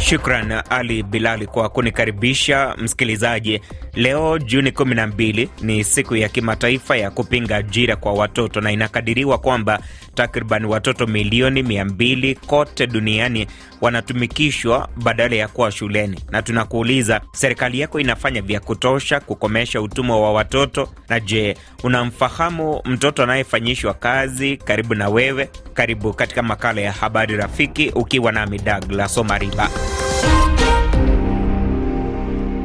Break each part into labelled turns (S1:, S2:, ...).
S1: Shukran Ali Bilali kwa kunikaribisha msikilizaji. Leo Juni 12 ni siku ya kimataifa ya kupinga ajira kwa watoto, na inakadiriwa kwamba takriban watoto milioni mia mbili kote duniani wanatumikishwa badala ya kuwa shuleni, na tunakuuliza serikali yako inafanya vya kutosha kukomesha utumwa wa watoto? Na je, unamfahamu mtoto anayefanyishwa kazi karibu na wewe? Karibu katika makala ya habari rafiki, ukiwa nami Douglas Omariba.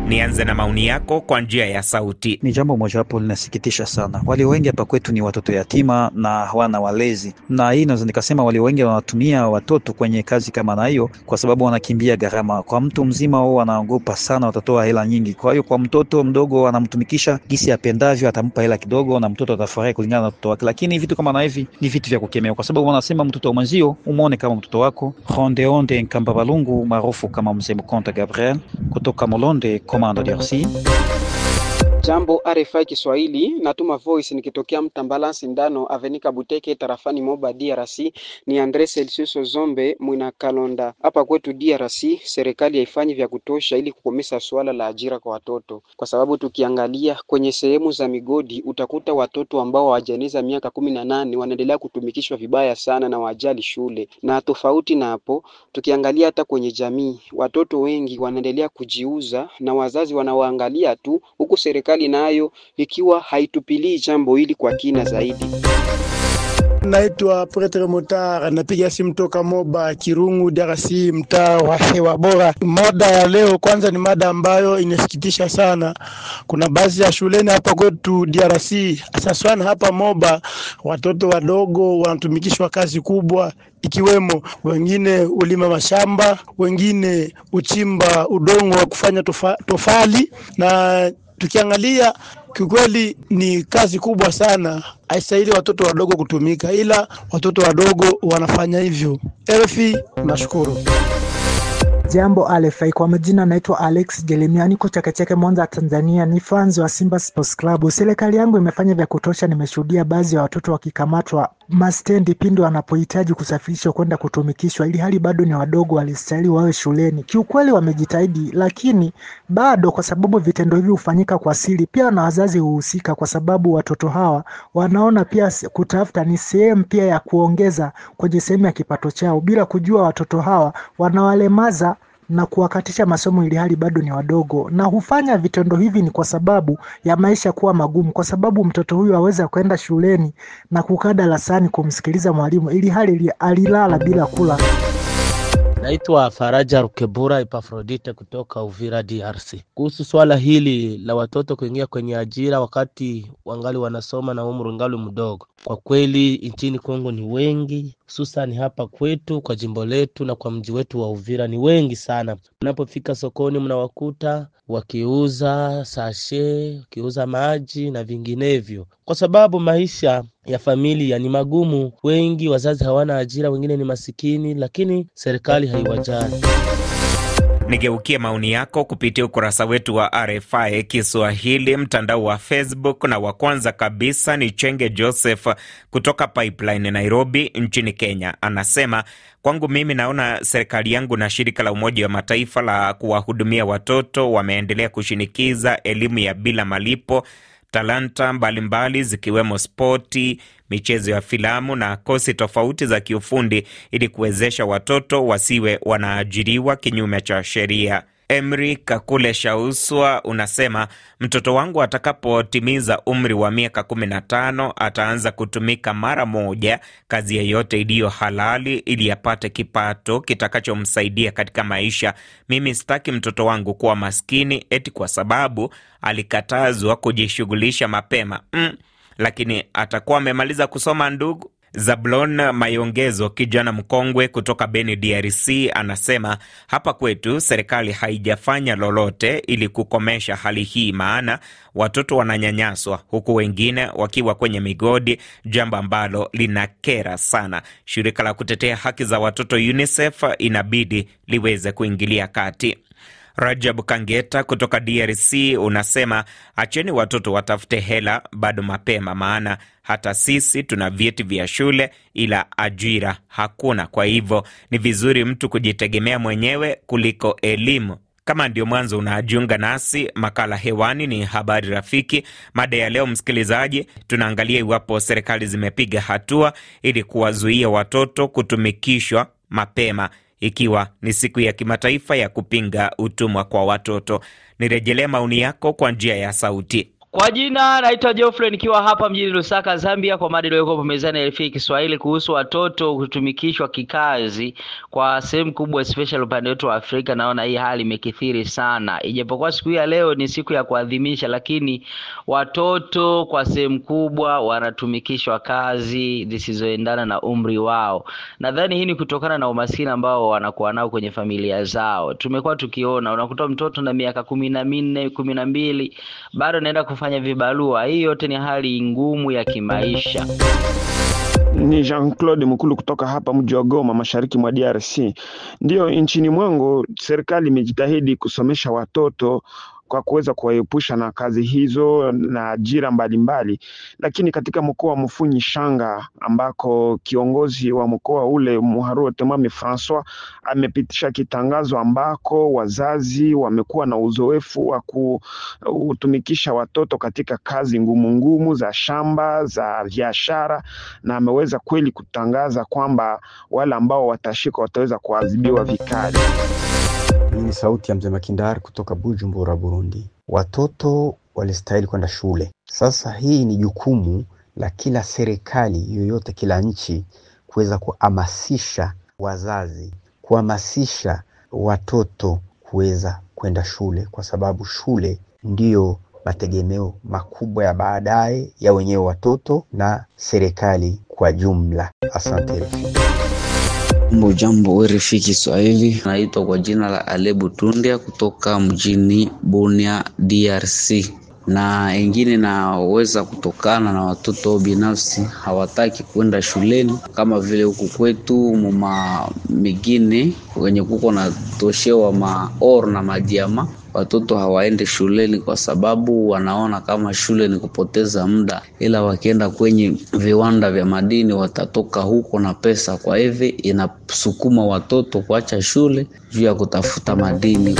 S1: Nianze na maoni yako kwa njia ya sauti. Ni jambo mojawapo linasikitisha sana, walio wengi hapa kwetu ni watoto yatima na hawana walezi, na hii naweza nikasema walio wengi wanatumia watoto kwenye kazi kama na hiyo, kwa sababu wanakimbia gharama. Kwa mtu mzima huo wanaogopa sana, watatoa hela nyingi. Kwa hiyo kwa mtoto mdogo wanamtumikisha gisi apendavyo, atampa hela kidogo na mtoto atafurahi kulingana na mtoto wake. Lakini vitu kama na hivi ni vitu vya kukemewa, kwa sababu wanasema mtoto wa mwenzio umwone kama mtoto wako. Rondeonde Nkambabalungu maarufu kama Mzee Mkonta Gabriel kutoka Molonde commande durcie. Jambo RFI Kiswahili, natuma voice nikitokea Mtambala Sindano Avenika Buteke tarafani Moba DRC. Ni Andre Celsius Zombe Mwina Kalonda. Hapa kwetu DRC serikali haifanyi vya kutosha ili kukomesa swala la ajira kwa watoto, kwa sababu tukiangalia kwenye sehemu za migodi utakuta watoto ambao hawajaeneza miaka kumi na nane wanaendelea kutumikishwa vibaya sana na wajali shule. Na tofauti na hapo, tukiangalia hata kwenye jamii watoto wengi wanaendelea kujiuza na wazazi wanawaangalia tu huku serikali serikali nayo ikiwa haitupilii jambo hili kwa kina zaidi. Naitwa Pretre Motar, napiga simu toka Moba Kirungu, DRC, mtaa wa hewa bora. Mada ya leo kwanza ni mada ambayo inasikitisha sana. Kuna baadhi ya shuleni hapa kwetu DRC, asaswana hapa Moba, watoto wadogo wanatumikishwa kazi kubwa, ikiwemo wengine ulima mashamba, wengine uchimba udongo wa kufanya tofa, tofali na tukiangalia kiukweli ni kazi kubwa sana, haistahili watoto wadogo kutumika, ila watoto wadogo wanafanya hivyo. RFI, nashukuru. Jambo alefai kwa majina anaitwa Alex Jeremia, niko Chake Chake, Mwanza, Tanzania. Ni fans wa Simba Sports Club. Serikali yangu imefanya vya kutosha, nimeshuhudia baadhi ya watoto wakikamatwa mastendi pindi wanapohitaji kusafirishwa kwenda kutumikishwa, ili hali bado ni wadogo, walistahili wawe shuleni. Kiukweli wamejitahidi, lakini bado, kwa sababu vitendo hivi hufanyika kwa siri, pia na wazazi huhusika, kwa sababu watoto hawa wanaona pia kutafuta ni sehemu pia ya kuongeza kwenye sehemu ya kipato chao, bila kujua watoto hawa wanawalemaza na kuwakatisha masomo ili hali bado ni wadogo. Na hufanya vitendo hivi ni kwa sababu ya maisha kuwa magumu, kwa sababu mtoto huyu aweza kwenda shuleni na kukaa darasani kumsikiliza mwalimu ili hali alilala bila kula. Naitwa Faraja Rukebura Epafrodite kutoka Uvira, DRC. Kuhusu swala hili la watoto kuingia kwenye ajira wakati wangali wanasoma na umri ngali mdogo, kwa kweli nchini Kongo ni wengi hususan hapa kwetu kwa jimbo letu na kwa mji wetu wa Uvira ni wengi sana. Mnapofika sokoni, mnawakuta wakiuza sashe, wakiuza maji na vinginevyo, kwa sababu maisha ya familia ni magumu. Wengi wazazi hawana ajira, wengine ni masikini, lakini serikali haiwajali. Nigeukie maoni yako kupitia ukurasa wetu wa RFI Kiswahili, mtandao wa Facebook, na wa kwanza kabisa ni Chenge Joseph kutoka Pipeline, Nairobi nchini Kenya. Anasema, kwangu mimi naona serikali yangu na shirika la Umoja wa Mataifa la kuwahudumia watoto wameendelea kushinikiza elimu ya bila malipo talanta mbalimbali zikiwemo spoti, michezo ya filamu na kosi tofauti za kiufundi ili kuwezesha watoto wasiwe wanaajiriwa kinyume cha sheria. Emri Kakule Shauswa unasema mtoto wangu atakapotimiza umri wa miaka 15 ataanza kutumika mara moja kazi yeyote iliyo halali ili apate kipato kitakachomsaidia katika maisha. Mimi sitaki mtoto wangu kuwa maskini eti kwa sababu alikatazwa kujishughulisha mapema. Mm, lakini atakuwa amemaliza kusoma ndugu? Zablon Mayongezo, kijana mkongwe kutoka Beni, DRC, anasema hapa kwetu serikali haijafanya lolote ili kukomesha hali hii, maana watoto wananyanyaswa huku wengine wakiwa kwenye migodi, jambo ambalo linakera sana. Shirika la kutetea haki za watoto UNICEF inabidi liweze kuingilia kati. Rajab Kangeta kutoka DRC unasema acheni watoto watafute hela bado mapema, maana hata sisi tuna vyeti vya shule, ila ajira hakuna. Kwa hivyo ni vizuri mtu kujitegemea mwenyewe kuliko elimu. Kama ndio mwanzo unajiunga nasi, makala hewani ni habari rafiki. Mada ya leo, msikilizaji, tunaangalia iwapo serikali zimepiga hatua ili kuwazuia watoto kutumikishwa mapema ikiwa ni siku ya kimataifa ya kupinga utumwa kwa watoto. Nirejelee maoni yako kwa njia ya sauti. Kwa jina naitwa Geoffrey nikiwa hapa mjini Lusaka, Zambia, kwa mada iliyokuwa mezani ya RFI Kiswahili kuhusu watoto kutumikishwa kikazi. Kwa sehemu kubwa, especially upande wetu wa Afrika, naona hii hali imekithiri sana, ijapokuwa siku ya leo ni siku ya kuadhimisha, lakini watoto kwa sehemu kubwa wanatumikishwa kazi zisizoendana na umri wao. Nadhani hii ni kutokana na umaskini ambao wanakuwa nao kwenye familia zao. Tumekuwa tukiona unakuta mtoto na miaka kumi na minne kumi na mbili bado anaenda kufanya vibarua. Hii yote ni hali ngumu ya kimaisha. Ni Jean Claude mkulu kutoka hapa mji wa Goma, mashariki mwa DRC. Ndiyo, nchini mwangu serikali imejitahidi kusomesha watoto kwa kuweza kuwaepusha na kazi hizo na ajira mbalimbali. Lakini katika mkoa wa Mfunyi Shanga, ambako kiongozi wa mkoa ule Muharu Temami Francois amepitisha kitangazo ambako wazazi wamekuwa na uzoefu wa kutumikisha watoto katika kazi ngumu ngumu za shamba za biashara, na ameweza kweli kutangaza kwamba wale ambao watashika wataweza kuadhibiwa vikali. Hii ni sauti ya mzee Makindari kutoka Bujumbura, Burundi. Watoto walistahili kwenda shule. Sasa hii ni jukumu la kila serikali yoyote, kila nchi kuweza kuhamasisha wazazi, kuhamasisha watoto kuweza kwenda shule, kwa sababu shule ndiyo mategemeo makubwa ya baadaye ya wenyewe watoto na serikali kwa jumla. Asante. Jambo jambo, RFI Kiswahili, naitwa kwa jina la Alebu Tundia kutoka mjini Bunia, DRC, na ingine naweza kutokana na watoto binafsi hawataki kwenda shuleni kama vile huku kwetu muma migine wenye kuko na toshewa maor na madiama watoto hawaende shuleni kwa sababu wanaona kama shule ni kupoteza muda, ila wakienda kwenye viwanda vya madini watatoka huko na pesa. Kwa hivyo inasukuma watoto kuacha shule juu ya kutafuta madini.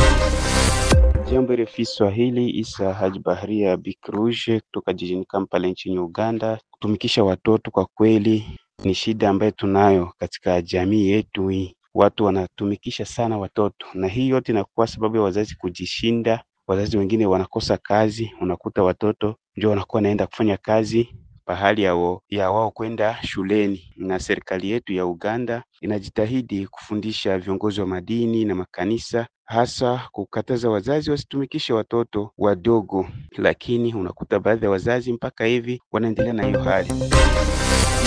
S1: Jambo refi Swahili, Isa Haji Bahria Bikruje kutoka jijini Kampala nchini Uganda. Kutumikisha watoto kwa kweli ni shida ambayo tunayo katika jamii yetu hii watu wanatumikisha sana watoto na hii yote inakuwa sababu ya wazazi kujishinda. Wazazi wengine wanakosa kazi, unakuta watoto ndio wanakuwa wanaenda kufanya kazi pahali ya wao kwenda shuleni. Na serikali yetu ya Uganda inajitahidi kufundisha viongozi wa madini na makanisa, hasa kukataza wazazi wasitumikishe watoto wadogo, lakini unakuta baadhi ya wazazi mpaka hivi wanaendelea na hiyo hali.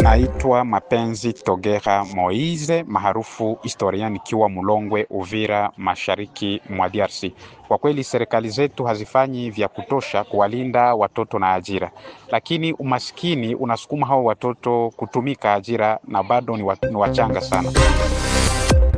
S1: Naitwa Mapenzi Togera Moize maarufu historia, nikiwa Mulongwe, Uvira, mashariki mwa DRC. Kwa kweli serikali zetu hazifanyi vya kutosha kuwalinda watoto na ajira, lakini umaskini unasukuma hao watoto kutumika ajira na bado ni wachanga sana hapa.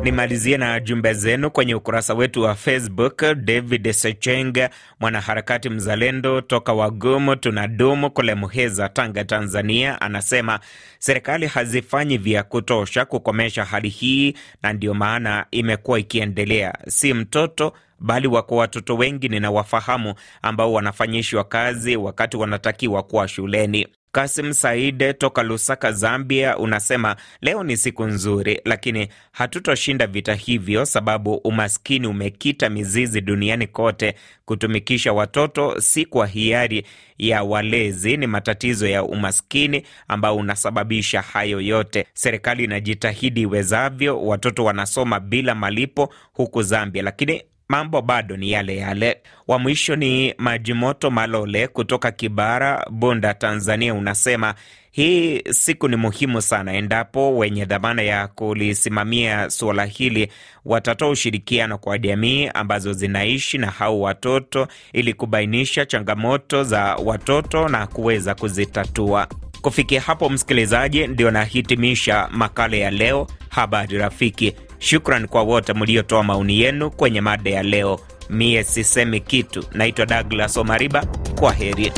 S1: Nimalizie na jumbe zenu kwenye ukurasa wetu wa Facebook. David Secheng, mwanaharakati mzalendo toka Wagumu tunadumu kule Muheza, Tanga, Tanzania, anasema serikali hazifanyi vya kutosha kukomesha hali hii, na ndiyo maana imekuwa ikiendelea. Si mtoto bali wako watoto wengi ninawafahamu ambao wanafanyishwa kazi wakati wanatakiwa kuwa shuleni. Kasim Saide toka Lusaka, Zambia, unasema leo ni siku nzuri, lakini hatutoshinda vita hivyo sababu umaskini umekita mizizi duniani kote. Kutumikisha watoto si kwa hiari ya walezi, ni matatizo ya umaskini ambao unasababisha hayo yote. Serikali inajitahidi iwezavyo, watoto wanasoma bila malipo huku Zambia, lakini mambo bado ni yale yale. Wa mwisho ni Majimoto Malole kutoka Kibara, Bunda, Tanzania, unasema hii siku ni muhimu sana. Endapo wenye dhamana ya kulisimamia suala hili watatoa ushirikiano kwa jamii ambazo zinaishi na hao watoto, ili kubainisha changamoto za watoto na kuweza kuzitatua. Kufikia hapo, msikilizaji, ndio nahitimisha makala ya leo, Habari Rafiki. Shukran kwa wote mliotoa maoni yenu kwenye mada ya leo. Mie sisemi kitu. Naitwa Douglas Omariba, kwa heri.